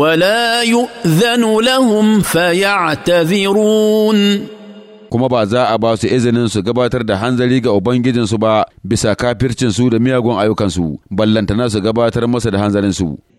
ولا يؤذن لهم فيعتذرون kuma ba za a ba su izinin su gabatar da hanzari ga Ubangijinsu ba bisa kafircinsu da miyagun ayyukansu, ballantana su gabatar masa da hanzarinsu.